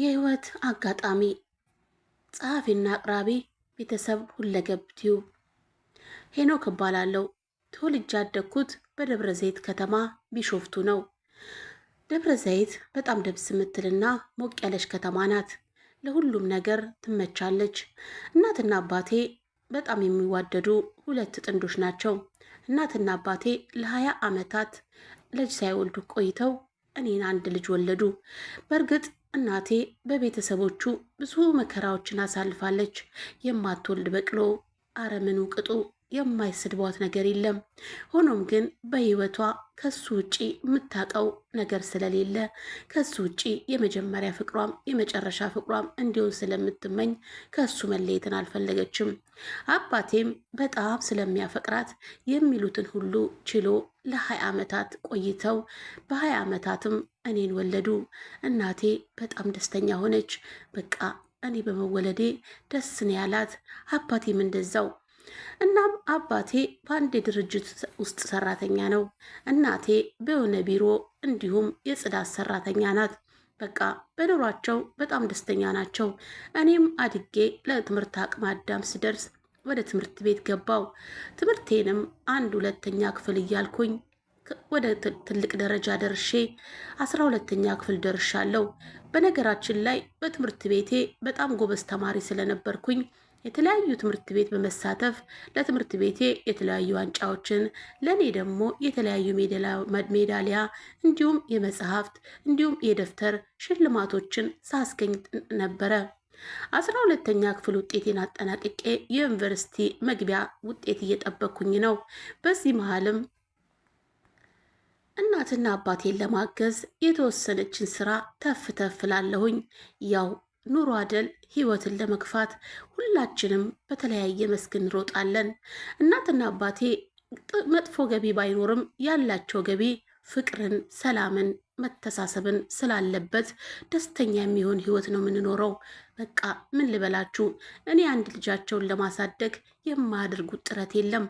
የህይወት አጋጣሚ ጸሐፊና አቅራቢ ቤተሰብ ሁለገብ ቲዩብ ሄኖክ እባላለሁ። ተወልጄ ያደግኩት በደብረ ዘይት ከተማ ቢሾፍቱ ነው። ደብረ ዘይት በጣም ደብስ የምትልና ሞቅ ያለች ከተማ ናት። ለሁሉም ነገር ትመቻለች። እናትና አባቴ በጣም የሚዋደዱ ሁለት ጥንዶች ናቸው። እናትና አባቴ ለሀያ ዓመታት ልጅ ሳይወልዱ ቆይተው እኔን አንድ ልጅ ወለዱ። በእርግጥ እናቴ በቤተሰቦቹ ብዙ መከራዎችን አሳልፋለች። የማትወልድ በቅሎ አረምኑ ቅጡ የማይስድቧት ነገር የለም። ሆኖም ግን በህይወቷ ከሱ ውጪ የምታውቀው ነገር ስለሌለ ከሱ ውጪ የመጀመሪያ ፍቅሯም የመጨረሻ ፍቅሯም እንዲሆን ስለምትመኝ ከሱ መለየትን አልፈለገችም። አባቴም በጣም ስለሚያፈቅራት የሚሉትን ሁሉ ችሎ ለሀያ ዓመታት ቆይተው በሀያ ዓመታትም እኔን ወለዱ። እናቴ በጣም ደስተኛ ሆነች። በቃ እኔ በመወለዴ ደስ ነው ያላት። አባቴም እንደዛው እናም አባቴ በአንድ ድርጅት ውስጥ ሰራተኛ ነው። እናቴ በሆነ ቢሮ እንዲሁም የጽዳት ሰራተኛ ናት። በቃ በኑሯቸው በጣም ደስተኛ ናቸው። እኔም አድጌ ለትምህርት አቅመ አዳም ስደርስ ወደ ትምህርት ቤት ገባው። ትምህርቴንም አንድ ሁለተኛ ክፍል እያልኩኝ ወደ ትልቅ ደረጃ ደርሼ አስራ ሁለተኛ ክፍል ደርሻለሁ። በነገራችን ላይ በትምህርት ቤቴ በጣም ጎበዝ ተማሪ ስለነበርኩኝ የተለያዩ ትምህርት ቤት በመሳተፍ ለትምህርት ቤቴ የተለያዩ ዋንጫዎችን ለእኔ ደግሞ የተለያዩ ሜዳሊያ እንዲሁም የመጽሐፍት እንዲሁም የደብተር ሽልማቶችን ሳስገኝ ነበረ። አስራ ሁለተኛ ክፍል ውጤቴን አጠናቅቄ የዩኒቨርሲቲ መግቢያ ውጤት እየጠበኩኝ ነው። በዚህ መሀልም እናትና አባቴን ለማገዝ የተወሰነችን ስራ ተፍ ተፍ ላለሁኝ ያው ኑሮ አደል ህይወትን ለመግፋት ሁላችንም በተለያየ መስክ እንሮጣለን። እናትና አባቴ መጥፎ ገቢ ባይኖርም ያላቸው ገቢ ፍቅርን፣ ሰላምን፣ መተሳሰብን ስላለበት ደስተኛ የሚሆን ህይወት ነው የምንኖረው። በቃ ምን ልበላችሁ፣ እኔ አንድ ልጃቸውን ለማሳደግ የማያደርጉት ጥረት የለም።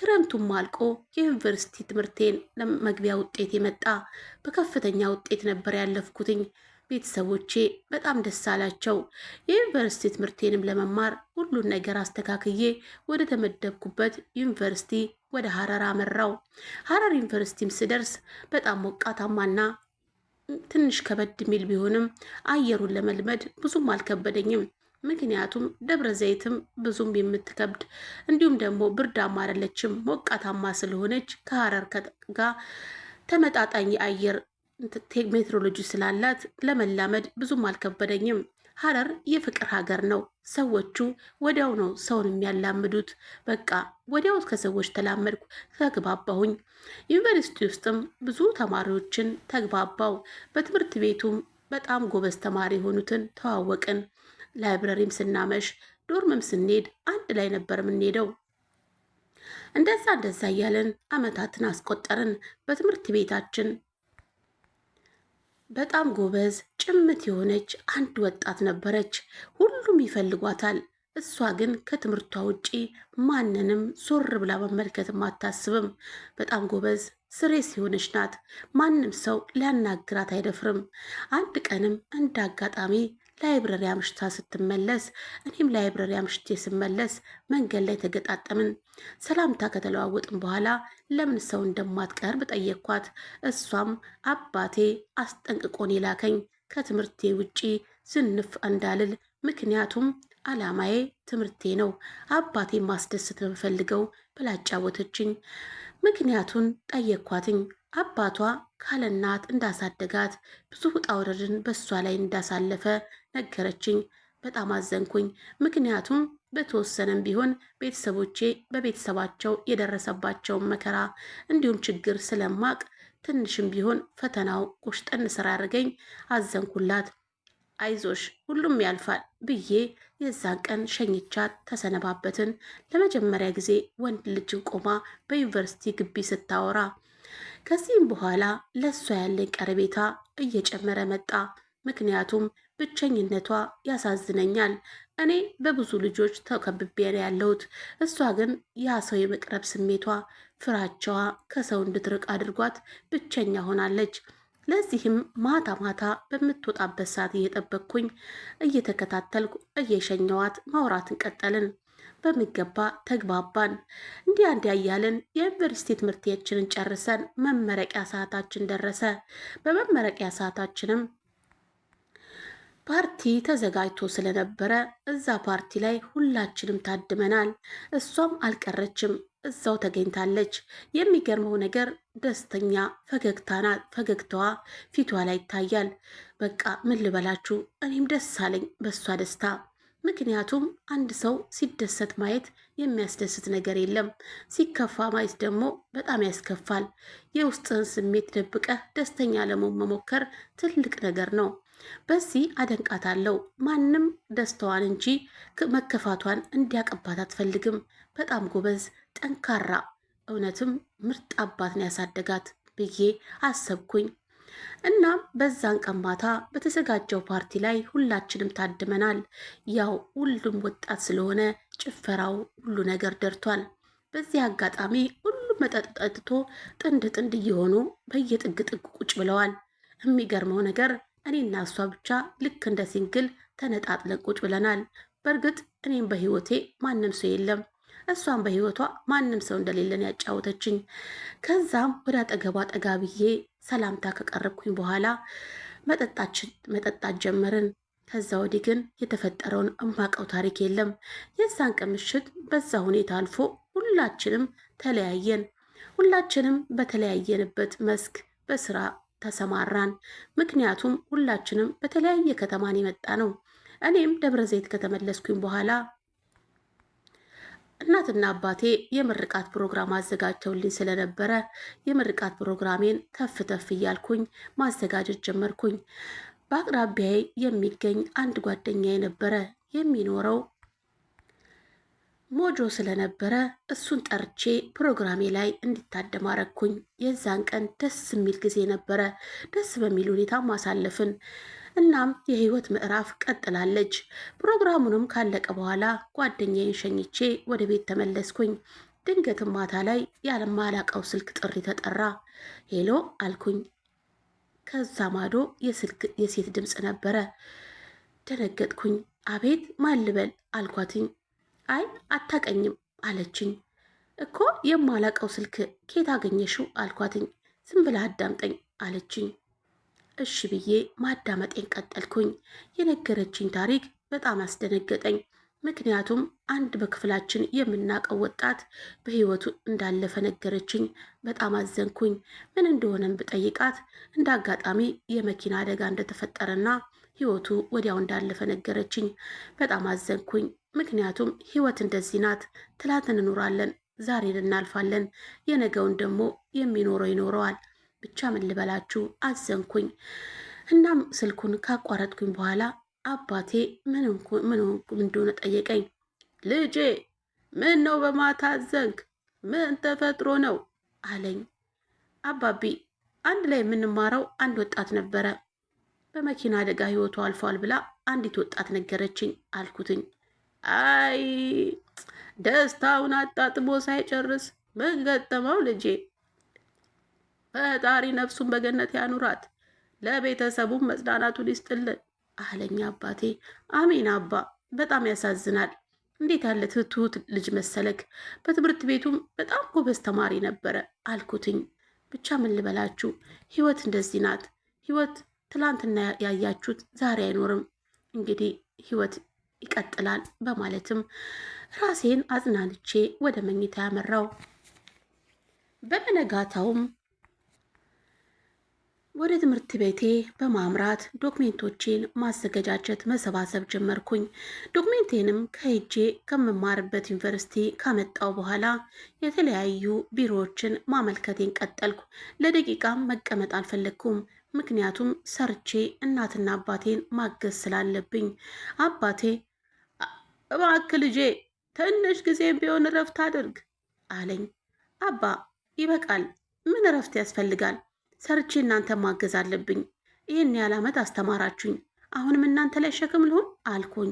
ክረምቱም አልቆ የዩኒቨርሲቲ ትምህርቴን ለመግቢያ ውጤት የመጣ በከፍተኛ ውጤት ነበር ያለፍኩትኝ። ቤተሰቦቼ በጣም ደስ አላቸው። የዩኒቨርሲቲ ትምህርቴንም ለመማር ሁሉን ነገር አስተካክዬ ወደ ተመደብኩበት ዩኒቨርሲቲ ወደ ሀረር አመራው። ሀረር ዩኒቨርሲቲም ስደርስ በጣም ሞቃታማና ትንሽ ከበድ የሚል ቢሆንም አየሩን ለመልመድ ብዙም አልከበደኝም። ምክንያቱም ደብረ ዘይትም ብዙም የምትከብድ እንዲሁም ደግሞ ብርዳማ አይደለችም፣ ሞቃታማ ስለሆነች ከሀረር ጋር ተመጣጣኝ አየር ሜትሮሎጂ ስላላት ለመላመድ ብዙም አልከበደኝም። ሀረር የፍቅር ሀገር ነው። ሰዎቹ ወዲያው ነው ሰውን የሚያላምዱት። በቃ ወዲያው ከሰዎች ተላመድኩ፣ ተግባባሁኝ። ዩኒቨርሲቲ ውስጥም ብዙ ተማሪዎችን ተግባባው። በትምህርት ቤቱም በጣም ጎበዝ ተማሪ የሆኑትን ተዋወቅን። ላይብረሪም ስናመሽ፣ ዶርምም ስንሄድ አንድ ላይ ነበር የምንሄደው። እንደዛ እንደዛ እያልን አመታትን አስቆጠርን። በትምህርት ቤታችን በጣም ጎበዝ ጭምት የሆነች አንድ ወጣት ነበረች። ሁሉም ይፈልጓታል። እሷ ግን ከትምህርቷ ውጪ ማንንም ዞር ብላ መመልከትም አታስብም። በጣም ጎበዝ ስሬስ የሆነች ናት። ማንም ሰው ሊያናግራት አይደፍርም። አንድ ቀንም እንደ አጋጣሚ ላይብረሪ አምሽታ ስትመለስ እኔም ላይብረሪ አምሽቴ ስመለስ መንገድ ላይ ተገጣጠምን። ሰላምታ ከተለዋወጥን በኋላ ለምን ሰው እንደማትቀርብ ጠየቅኳት። እሷም አባቴ አስጠንቅቆን የላከኝ ከትምህርቴ ውጪ ዝንፍ እንዳልል ምክንያቱም አላማዬ ትምህርቴ ነው፣ አባቴ ማስደሰት በምፈልገው ብላ አጫወተችኝ። ምክንያቱን ጠየኳትኝ። አባቷ ካለናት እንዳሳደጋት ብዙ ውጣ ውረድን በእሷ ላይ እንዳሳለፈ ነገረችኝ። በጣም አዘንኩኝ። ምክንያቱም በተወሰነም ቢሆን ቤተሰቦቼ በቤተሰባቸው የደረሰባቸውን መከራ እንዲሁም ችግር ስለማቅ ትንሽም ቢሆን ፈተናው ቁሽጠን ስራ ያደርገኝ አዘንኩላት። አይዞሽ ሁሉም ያልፋል ብዬ የዛን ቀን ሸኝቻት ተሰነባበትን። ለመጀመሪያ ጊዜ ወንድ ልጅን ቆማ በዩኒቨርሲቲ ግቢ ስታወራ ከዚህም በኋላ ለእሷ ያለኝ ቀረቤታ እየጨመረ መጣ። ምክንያቱም ብቸኝነቷ ያሳዝነኛል። እኔ በብዙ ልጆች ተከብቤ ነው ያለሁት። እሷ ግን ያ ሰው የመቅረብ ስሜቷ፣ ፍራቻዋ ከሰው እንድትርቅ አድርጓት ብቸኛ ሆናለች። ለዚህም ማታ ማታ በምትወጣበት ሰዓት እየጠበቅኩኝ እየተከታተልኩ እየሸኘዋት ማውራትን ቀጠልን። በሚገባ ተግባባን። እንዲህ አንድ ያያልን የዩኒቨርሲቲ ትምህርታችንን ጨርሰን መመረቂያ ሰዓታችን ደረሰ። በመመረቂያ ሰዓታችንም ፓርቲ ተዘጋጅቶ ስለነበረ እዛ ፓርቲ ላይ ሁላችንም ታድመናል። እሷም አልቀረችም፣ እዛው ተገኝታለች። የሚገርመው ነገር ደስተኛ ፈገግታና ፈገግታዋ ፊቷ ላይ ይታያል። በቃ ምን ልበላችሁ፣ እኔም ደስ አለኝ በእሷ ደስታ። ምክንያቱም አንድ ሰው ሲደሰት ማየት የሚያስደስት ነገር የለም። ሲከፋ ማየት ደግሞ በጣም ያስከፋል። የውስጥህን ስሜት ደብቀህ ደስተኛ ለመሆን መሞከር ትልቅ ነገር ነው። በዚህ አደንቃታለሁ። ማንም ደስታዋን እንጂ መከፋቷን እንዲያቀባት አትፈልግም። በጣም ጎበዝ፣ ጠንካራ፣ እውነትም ምርጥ አባትን ያሳደጋት ብዬ አሰብኩኝ። እናም በዛን ቀን ማታ በተዘጋጀው ፓርቲ ላይ ሁላችንም ታድመናል። ያው ሁሉም ወጣት ስለሆነ ጭፈራው፣ ሁሉ ነገር ደርቷል። በዚህ አጋጣሚ ሁሉም መጠጥ ጠጥቶ ጥንድ ጥንድ እየሆኑ በየጥግ ጥግ ቁጭ ብለዋል። የሚገርመው ነገር እኔና እሷ ብቻ ልክ እንደ ሲንግል ተነጣጥለን ቁጭ ብለናል። በእርግጥ እኔም በህይወቴ ማንም ሰው የለም፣ እሷም በህይወቷ ማንም ሰው እንደሌለን ያጫወተችኝ። ከዛም ወደ አጠገቧ ጠጋ ብዬ ሰላምታ ከቀረብኩኝ በኋላ መጠጣት ጀመርን። ከዛ ወዲህ ግን የተፈጠረውን እማቀው ታሪክ የለም። የዛን ቀን ምሽት በዛ ሁኔታ አልፎ ሁላችንም ተለያየን። ሁላችንም በተለያየንበት መስክ በስራ ተሰማራን። ምክንያቱም ሁላችንም በተለያየ ከተማን የመጣ ነው። እኔም ደብረ ዘይት ከተመለስኩኝ በኋላ እናትና አባቴ የምርቃት ፕሮግራም አዘጋጀውልኝ ስለነበረ የምርቃት ፕሮግራሜን ተፍ ተፍ እያልኩኝ ማዘጋጀት ጀመርኩኝ። በአቅራቢያ የሚገኝ አንድ ጓደኛ የነበረ የሚኖረው ሞጆ ስለነበረ እሱን ጠርቼ ፕሮግራሜ ላይ እንዲታደም አረግኩኝ። የዛን ቀን ደስ የሚል ጊዜ ነበረ። ደስ በሚል ሁኔታ ማሳለፍን እናም የህይወት ምዕራፍ ቀጥላለች። ፕሮግራሙንም ካለቀ በኋላ ጓደኛዬን ሸኝቼ ወደ ቤት ተመለስኩኝ። ድንገትም ማታ ላይ ያለማላቀው ስልክ ጥሪ ተጠራ። ሄሎ አልኩኝ። ከዛ ማዶ የስልክ የሴት ድምፅ ነበረ። ደነገጥኩኝ። አቤት ማልበል አልኳትኝ። አይ አታቀኝም አለችኝ። እኮ የማላቀው ስልክ ኬት አገኘሽው አልኳትኝ። ዝም ብላ አዳምጠኝ አለችኝ። እሺ ብዬ ማዳመጤን ቀጠልኩኝ። የነገረችኝ ታሪክ በጣም አስደነገጠኝ። ምክንያቱም አንድ በክፍላችን የምናውቀው ወጣት በሕይወቱ እንዳለፈ ነገረችኝ። በጣም አዘንኩኝ። ምን እንደሆነም ብጠይቃት እንደ አጋጣሚ የመኪና አደጋ እንደተፈጠረና ሕይወቱ ወዲያው እንዳለፈ ነገረችኝ። በጣም አዘንኩኝ። ምክንያቱም ሕይወት እንደዚህ ናት። ትላንት እንኖራለን፣ ዛሬን እናልፋለን፣ የነገውን ደግሞ የሚኖረው ይኖረዋል። ብቻ ምን ልበላችሁ አዘንኩኝ። እናም ስልኩን ካቋረጥኩኝ በኋላ አባቴ ምን እንደሆነ ጠየቀኝ። ልጄ ምን ነው በማታ አዘንክ? ምን ተፈጥሮ ነው አለኝ። አባቢ አንድ ላይ የምንማረው አንድ ወጣት ነበረ በመኪና አደጋ ህይወቱ አልፏል ብላ አንዲት ወጣት ነገረችኝ አልኩትኝ። አይ ደስታውን አጣጥሞ ሳይጨርስ ምን ገጠመው ልጄ ፈጣሪ ነፍሱን በገነት ያኑራት፣ ለቤተሰቡም መጽናናቱን ይስጥልን አለኝ አባቴ። አሜን አባ። በጣም ያሳዝናል። እንዴት ያለ ትትት ልጅ መሰለክ። በትምህርት ቤቱም በጣም ጎበዝ ተማሪ ነበረ አልኩትኝ። ብቻ ምን ልበላችሁ፣ ህይወት እንደዚህ ናት። ህይወት ትላንትና ያያችሁት ዛሬ አይኖርም። እንግዲህ ህይወት ይቀጥላል በማለትም ራሴን አጽናንቼ ወደ መኝታ ያመራው። በመነጋታውም ወደ ትምህርት ቤቴ በማምራት ዶክሜንቶቼን ማዘገጃጀት መሰባሰብ ጀመርኩኝ። ዶክሜንቴንም ከሄጄ ከምማርበት ዩኒቨርሲቲ ካመጣው በኋላ የተለያዩ ቢሮዎችን ማመልከቴን ቀጠልኩ። ለደቂቃም መቀመጥ አልፈለግኩም። ምክንያቱም ሰርቼ እናትና አባቴን ማገዝ ስላለብኝ፣ አባቴ እባክህ ልጄ ትንሽ ጊዜ ቢሆን እረፍት አድርግ አለኝ። አባ ይበቃል፣ ምን እረፍት ያስፈልጋል ሰርቼ እናንተ ማገዝ አለብኝ። ይህን ያህል ዓመት አስተማራችሁኝ፣ አሁንም እናንተ ላይ ሸክም ልሆን አልኩኝ።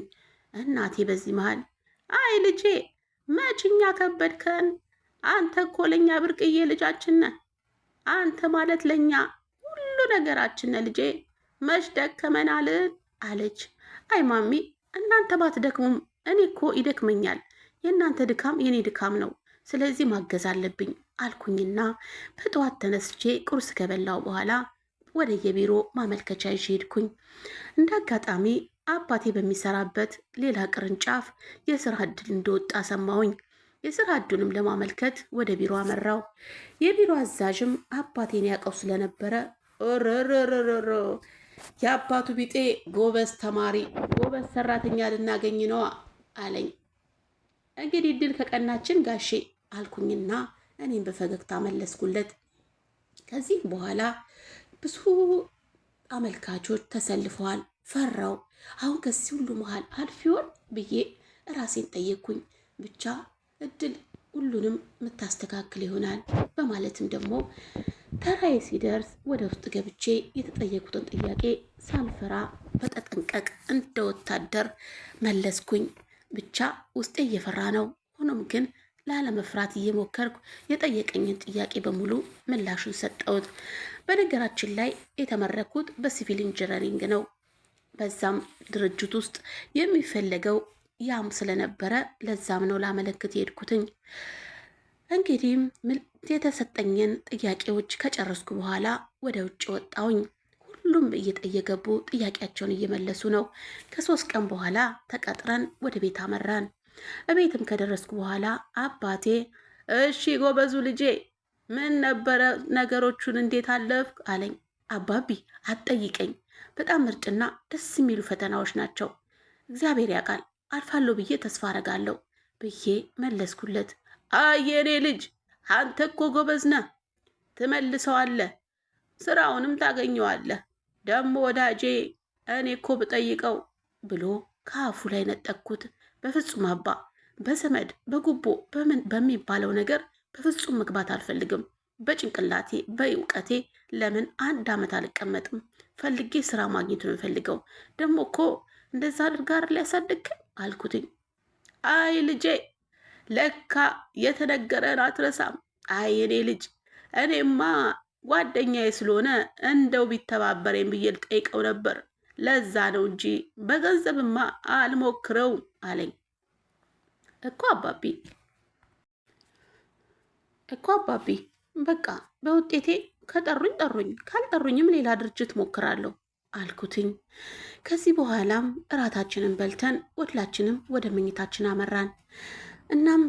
እናቴ በዚህ መሃል አይ ልጄ መችኛ ከበድከን፣ አንተ እኮ ለእኛ ብርቅዬ ልጃችን ነህ። አንተ ማለት ለእኛ ሁሉ ነገራችን ነህ ልጄ፣ መች አልን አለች። አይ ማሚ እናንተ ባትደክሙም እኔ እኮ ይደክመኛል። የእናንተ ድካም የእኔ ድካም ነው። ስለዚህ ማገዝ አለብኝ አልኩኝና በጠዋት ተነስቼ ቁርስ ከበላው በኋላ ወደ የቢሮ ማመልከቻ ይዤ ሄድኩኝ። እንደ አጋጣሚ አባቴ በሚሰራበት ሌላ ቅርንጫፍ የስራ እድል እንደወጣ ሰማሁኝ። የስራ እድሉንም ለማመልከት ወደ ቢሮ አመራው። የቢሮ አዛዥም አባቴን ያውቀው ስለነበረ ርርርርር የአባቱ ቢጤ ጎበዝ ተማሪ፣ ጎበዝ ሰራተኛ ልናገኝ ነዋ አለኝ። እንግዲህ እድል ከቀናችን ጋሼ አልኩኝና እኔም በፈገግታ መለስኩለት። ከዚህም በኋላ ብዙ አመልካቾች ተሰልፈዋል። ፈራው። አሁን ከዚህ ሁሉ መሃል አልፍ ብዬ ራሴን ጠየቅኩኝ። ብቻ እድል ሁሉንም የምታስተካክል ይሆናል በማለትም ደግሞ ተራዬ ሲደርስ ወደ ውስጥ ገብቼ የተጠየቁትን ጥያቄ ሳልፈራ በተጠንቀቅ እንደ ወታደር መለስኩኝ። ብቻ ውስጤ እየፈራ ነው። ሆኖም ግን ላለመፍራት እየሞከርኩ የጠየቀኝን ጥያቄ በሙሉ ምላሹን ሰጠሁት። በነገራችን ላይ የተመረኩት በሲቪል ኢንጂነሪንግ ነው። በዛም ድርጅት ውስጥ የሚፈለገው ያም ስለነበረ ለዛም ነው ላመለክት የሄድኩትኝ። እንግዲህም የተሰጠኝን ጥያቄዎች ከጨረስኩ በኋላ ወደ ውጭ ወጣውኝ ሁሉም እየጠየገቡ ጥያቄያቸውን እየመለሱ ነው። ከሶስት ቀን በኋላ ተቀጥረን ወደ ቤት አመራን። እቤትም ከደረስኩ በኋላ አባቴ እሺ ጎበዙ ልጄ ምን ነበረ ነገሮቹን እንዴት አለፍ አለኝ። አባቢ አትጠይቀኝ፣ በጣም ምርጥና ደስ የሚሉ ፈተናዎች ናቸው። እግዚአብሔር ያውቃል አልፋለሁ ብዬ ተስፋ አረጋለሁ ብዬ መለስኩለት። አየኔ የኔ ልጅ አንተ እኮ ጎበዝ ነህ፣ ትመልሰዋለህ፣ ስራውንም ታገኘዋለህ። ደግሞ ወዳጄ እኔ እኮ ብጠይቀው ብሎ ከአፉ ላይ ነጠቅኩት። በፍጹም አባ፣ በሰመድ በጉቦ በምን በሚባለው ነገር በፍጹም መግባት አልፈልግም። በጭንቅላቴ በእውቀቴ ለምን አንድ ዓመት አልቀመጥም? ፈልጌ ስራ ማግኘት ነው የምፈልገው። ደግሞ እኮ እንደዛ አድርጋር ሊያሳድግ አልኩትኝ። አይ ልጄ፣ ለካ የተነገረን አትረሳም። አይ እኔ ልጅ፣ እኔማ ጓደኛዬ ስለሆነ እንደው ቢተባበረኝ ብዬ ልጠይቀው ነበር ለዛ ነው እንጂ በገንዘብማ አልሞክረውም አለኝ። እኮ አባቢ እኮ አባቢ በቃ በውጤቴ ከጠሩኝ ጠሩኝ፣ ካልጠሩኝም ሌላ ድርጅት ሞክራለሁ አልኩትኝ። ከዚህ በኋላም እራታችንን በልተን ወድላችንም ወደ መኝታችን አመራን። እናም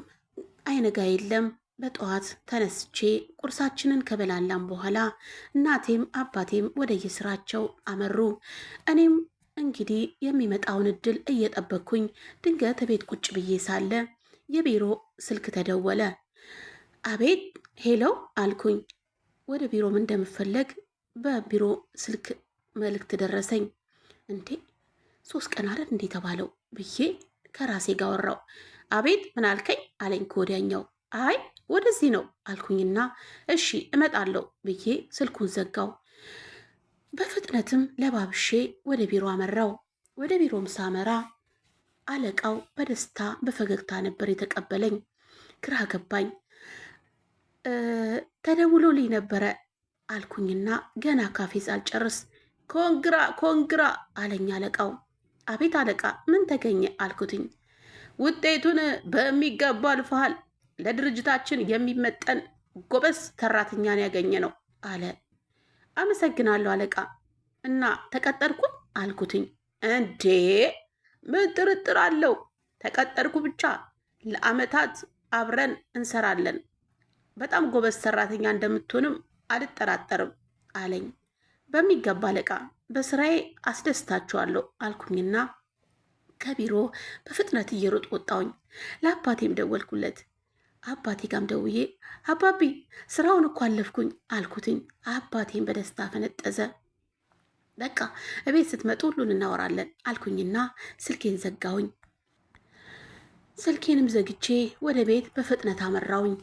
አይነጋ የለም በጠዋት ተነስቼ ቁርሳችንን ከበላላም በኋላ እናቴም አባቴም ወደየስራቸው አመሩ። እኔም እንግዲህ የሚመጣውን እድል እየጠበኩኝ ድንገት ቤት ቁጭ ብዬ ሳለ የቢሮ ስልክ ተደወለ። አቤት ሄለው አልኩኝ። ወደ ቢሮም እንደምፈለግ በቢሮ ስልክ መልእክት ደረሰኝ። እንዴ ሶስት ቀን አረድ እንዴ ተባለው ብዬ ከራሴ ጋር ወራው። አቤት ምን አልከኝ አለኝ ከወዲያኛው አይ ወደዚህ ነው አልኩኝና እሺ እመጣለሁ ብዬ ስልኩን ዘጋው። በፍጥነትም ለባብሼ ወደ ቢሮ አመራው። ወደ ቢሮም ሳመራ አለቃው በደስታ በፈገግታ ነበር የተቀበለኝ። ግራ ገባኝ። ተደውሎልኝ ነበረ አልኩኝና ገና ካፌ ሳልጨርስ ኮንግራ ኮንግራ አለኝ አለቃው። አቤት አለቃ ምን ተገኘ አልኩትኝ። ውጤቱን በሚገባ አልፈሃል ለድርጅታችን የሚመጠን ጎበዝ ሰራተኛን ያገኘ ነው አለ። አመሰግናለሁ አለቃ እና ተቀጠርኩኝ አልኩትኝ። እንዴ ምን ጥርጥር አለው? ተቀጠርኩ ብቻ ለአመታት አብረን እንሰራለን። በጣም ጎበዝ ሰራተኛ እንደምትሆንም አልጠራጠርም አለኝ። በሚገባ አለቃ፣ በስራዬ አስደስታችኋለሁ አልኩኝና ከቢሮ በፍጥነት እየሮጥ ወጣውኝ። ለአባቴም ደወልኩለት። አባቴ ጋም ደውዬ አባቢ ስራውን እኮ አለፍኩኝ አልኩትኝ። አባቴን በደስታ ፈነጠዘ። በቃ እቤት ስትመጡ ሁሉን እናወራለን አልኩኝና ስልኬን ዘጋሁኝ። ስልኬንም ዘግቼ ወደ ቤት በፍጥነት አመራውኝ።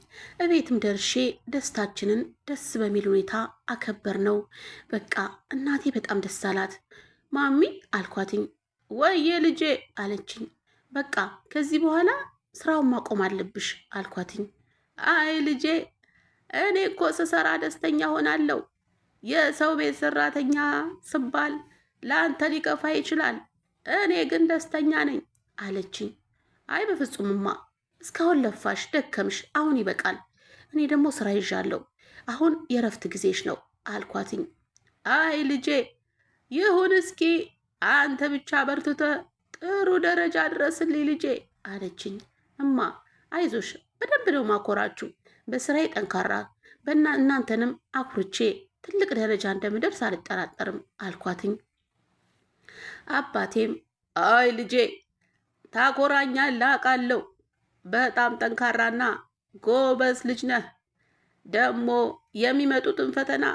እቤትም ደርሼ ደስታችንን ደስ በሚል ሁኔታ አከበር ነው። በቃ እናቴ በጣም ደስ አላት። ማሚ አልኳትኝ። ወይዬ ልጄ አለችኝ። በቃ ከዚህ በኋላ ስራውን ማቆም አለብሽ አልኳትኝ። አይ ልጄ እኔ እኮ ስሰራ ደስተኛ ሆናለሁ። የሰው ቤት ሰራተኛ ስባል ለአንተ ሊከፋ ይችላል፣ እኔ ግን ደስተኛ ነኝ አለችኝ። አይ በፍጹምማ እስካሁን ለፋሽ፣ ደከምሽ፣ አሁን ይበቃል። እኔ ደግሞ ስራ ይዣለሁ፣ አሁን የእረፍት ጊዜሽ ነው አልኳትኝ። አይ ልጄ ይሁን እስኪ አንተ ብቻ በርትተ ጥሩ ደረጃ ድረስልኝ ልጄ አለችኝ። እማ አይዞሽ፣ በደንብ ነው ማኮራችሁ። በስራዬ ጠንካራ በና እናንተንም አኩርቼ ትልቅ ደረጃ እንደምደርስ አልጠራጠርም አልኳትኝ። አባቴም አይ ልጄ ታኮራኛል፣ ላቃለው በጣም ጠንካራና ጎበዝ ልጅ ነህ። ደግሞ የሚመጡትን ፈተና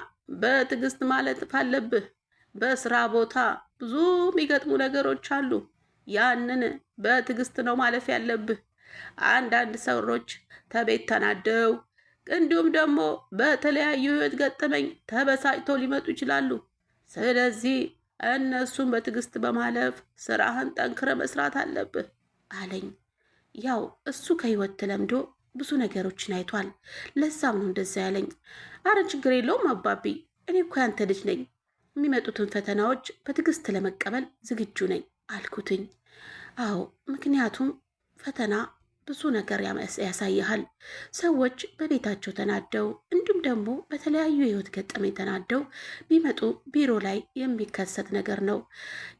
በትዕግስት ማለት አለብህ። በስራ ቦታ ብዙ የሚገጥሙ ነገሮች አሉ። ያንን በትዕግስት ነው ማለፍ ያለብህ። አንዳንድ ሰዎች ተቤት ተናደው እንዲሁም ደግሞ በተለያዩ ህይወት ገጠመኝ ተበሳጭቶ ሊመጡ ይችላሉ። ስለዚህ እነሱን በትዕግስት በማለፍ ስራህን ጠንክረ መስራት አለብህ አለኝ። ያው እሱ ከህይወት ተለምዶ ብዙ ነገሮችን አይቷል። ለዛም ነው እንደዛ ያለኝ። አረ ችግር የለውም አባቢ፣ እኔ እኮ ያንተ ልጅ ነኝ። የሚመጡትን ፈተናዎች በትዕግስት ለመቀበል ዝግጁ ነኝ አልኩትኝ። አዎ ምክንያቱም ፈተና ብዙ ነገር ያሳይሃል። ሰዎች በቤታቸው ተናደው እንዲሁም ደግሞ በተለያዩ የህይወት ገጠመኝ ተናደው ቢመጡ ቢሮ ላይ የሚከሰት ነገር ነው።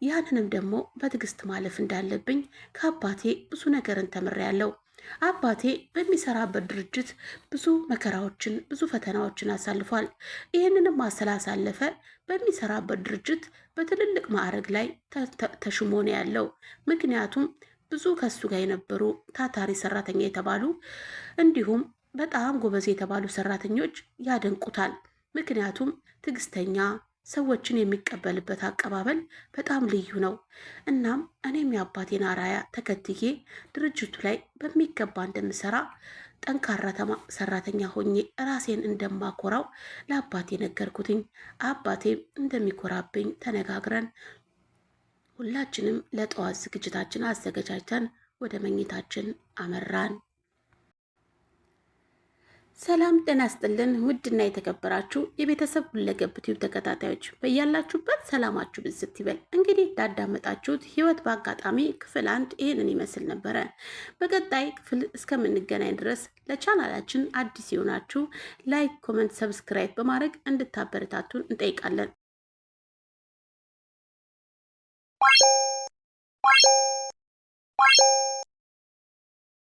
ያንንም ደግሞ በትዕግስት ማለፍ እንዳለብኝ ከአባቴ ብዙ ነገርን ተምሬያለሁ። አባቴ በሚሰራበት ድርጅት ብዙ መከራዎችን ብዙ ፈተናዎችን አሳልፏል። ይህንንም ስላሳለፈ በሚሰራበት ድርጅት በትልልቅ ማዕረግ ላይ ተሽሞ ነው ያለው። ምክንያቱም ብዙ ከሱ ጋር የነበሩ ታታሪ ሰራተኛ የተባሉ እንዲሁም በጣም ጎበዝ የተባሉ ሰራተኞች ያደንቁታል። ምክንያቱም ትዕግስተኛ፣ ሰዎችን የሚቀበልበት አቀባበል በጣም ልዩ ነው። እናም እኔም የአባቴን አራያ ተከትዬ ድርጅቱ ላይ በሚገባ እንደምሰራ ጠንካራ ሰራተኛ ሆኜ ራሴን እንደማኮራው ለአባቴ ነገርኩትኝ። አባቴም እንደሚኮራብኝ ተነጋግረን ሁላችንም ለጠዋት ዝግጅታችን አዘገጃጅተን ወደ መኝታችን አመራን። ሰላም ጤና ስጥልን። ውድና የተከበራችሁ የቤተሰብ ሁለገብ ቲዩብ ተከታታዮች በያላችሁበት ሰላማችሁ ብዝት ይበል። እንግዲህ እንዳዳመጣችሁት ህይወት በአጋጣሚ ክፍል አንድ ይህንን ይመስል ነበረ። በቀጣይ ክፍል እስከምንገናኝ ድረስ ለቻናላችን አዲስ የሆናችሁ ላይክ፣ ኮመንት፣ ሰብስክራይብ በማድረግ እንድታበረታቱን እንጠይቃለን። you